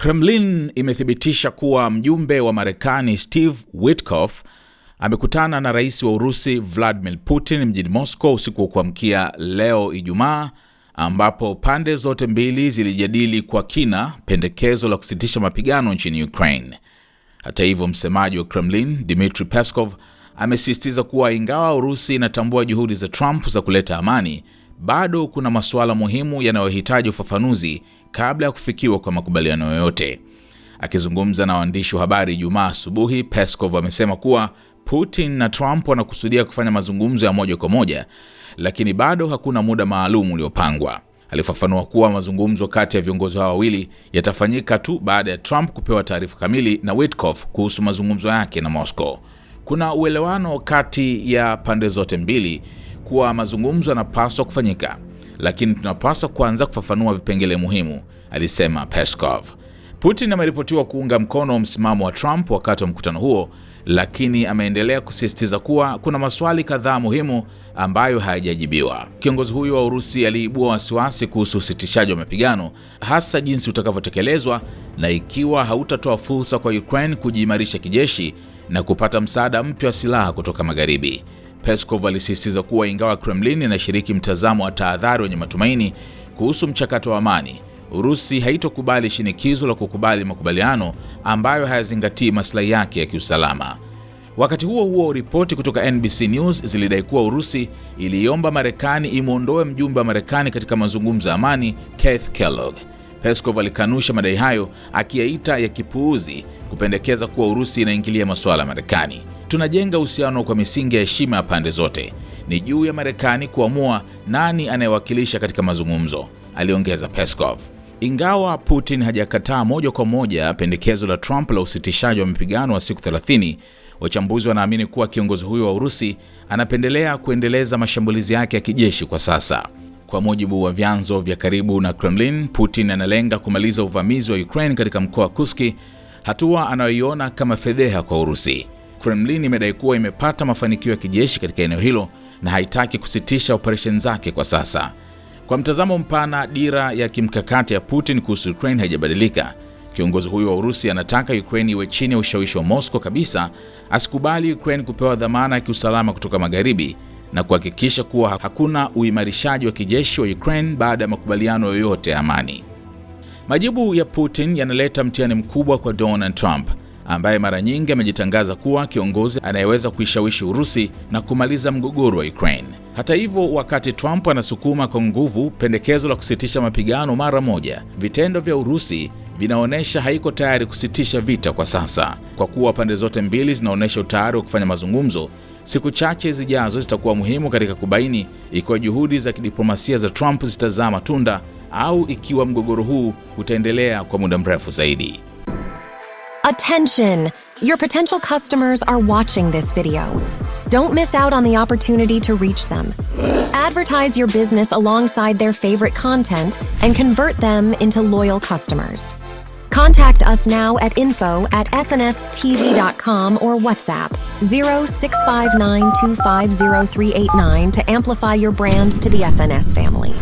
Kremlin imethibitisha kuwa mjumbe wa Marekani Steve Witkoff amekutana na rais wa Urusi Vladimir Putin mjini Moscow usiku wa kuamkia leo Ijumaa, ambapo pande zote mbili zilijadili kwa kina pendekezo la kusitisha mapigano nchini Ukraine. Hata hivyo, msemaji wa Kremlin Dmitry Peskov amesisitiza kuwa ingawa Urusi inatambua juhudi za Trump za kuleta amani, bado kuna masuala muhimu yanayohitaji ufafanuzi kabla ya kufikiwa kwa makubaliano yoyote. Akizungumza na waandishi wa habari Ijumaa asubuhi, Peskov amesema kuwa Putin na Trump wanakusudia kufanya mazungumzo ya moja kwa moja, lakini bado hakuna muda maalum uliopangwa. Alifafanua kuwa mazungumzo kati ya viongozi hao wawili yatafanyika tu baada ya Trump kupewa taarifa kamili na Witkoff kuhusu mazungumzo yake na Moscow. Kuna uelewano kati ya pande zote mbili kuwa mazungumzo yanapaswa kufanyika, lakini tunapaswa kuanza kufafanua vipengele muhimu, alisema Peskov. Putin ameripotiwa kuunga mkono msimamo wa Trump wakati wa mkutano huo, lakini ameendelea kusisitiza kuwa kuna maswali kadhaa muhimu ambayo hayajajibiwa. Kiongozi huyo wa Urusi aliibua wasiwasi kuhusu usitishaji wa mapigano, hasa jinsi utakavyotekelezwa na ikiwa hautatoa fursa kwa Ukraine kujiimarisha kijeshi na kupata msaada mpya wa silaha kutoka magharibi. Peskov alisisitiza kuwa ingawa Kremlin inashiriki mtazamo wa tahadhari wenye matumaini kuhusu mchakato wa amani, Urusi haitokubali shinikizo la kukubali makubaliano ambayo hayazingatii maslahi yake ya kiusalama. Wakati huo huo, ripoti kutoka NBC News zilidai kuwa Urusi iliomba Marekani imwondoe mjumbe wa Marekani katika mazungumzo ya amani Keith Kellogg. Peskov alikanusha madai hayo akiyaita ya kipuuzi, kupendekeza kuwa Urusi inaingilia masuala ya Marekani. Tunajenga uhusiano kwa misingi ya heshima ya pande zote. Ni juu ya Marekani kuamua nani anayewakilisha katika mazungumzo, aliongeza Peskov. Ingawa Putin hajakataa moja kwa moja pendekezo la Trump la usitishaji wa mapigano wa siku 30, wachambuzi wanaamini kuwa kiongozi huyo wa Urusi anapendelea kuendeleza mashambulizi yake ya kijeshi kwa sasa. Kwa mujibu wa vyanzo vya karibu na Kremlin, Putin analenga kumaliza uvamizi wa Ukraine katika mkoa wa Kuski, hatua anayoiona kama fedheha kwa Urusi. Kremlin imedai kuwa imepata mafanikio ya kijeshi katika eneo hilo na haitaki kusitisha operesheni zake kwa sasa. Kwa mtazamo mpana, dira ya kimkakati ya Putin kuhusu Ukraine haijabadilika. Kiongozi huyo wa Urusi anataka Ukraine iwe chini ya ushawishi wa Moscow kabisa, asikubali Ukraine kupewa dhamana ya kiusalama kutoka magharibi na kuhakikisha kuwa hakuna uimarishaji wa kijeshi wa Ukraine baada ya makubaliano yoyote ya amani. Majibu ya Putin yanaleta mtihani mkubwa kwa Donald Trump ambaye mara nyingi amejitangaza kuwa kiongozi anayeweza kuishawishi Urusi na kumaliza mgogoro wa Ukraine. Hata hivyo, wakati Trump anasukuma kwa nguvu pendekezo la kusitisha mapigano mara moja, vitendo vya Urusi vinaonyesha haiko tayari kusitisha vita kwa sasa. Kwa kuwa pande zote mbili zinaonyesha utayari wa kufanya mazungumzo, siku chache zijazo zitakuwa muhimu katika kubaini ikiwa juhudi za kidiplomasia za Trump zitazaa matunda au ikiwa mgogoro huu utaendelea kwa muda mrefu zaidi. Attention! Your potential customers are watching this video. Don't miss out on the opportunity to reach them. Advertise your business alongside their favorite content and convert them into loyal customers. Contact us now at info at snstz.com or WhatsApp 0659250389 to amplify your brand to the SNS family.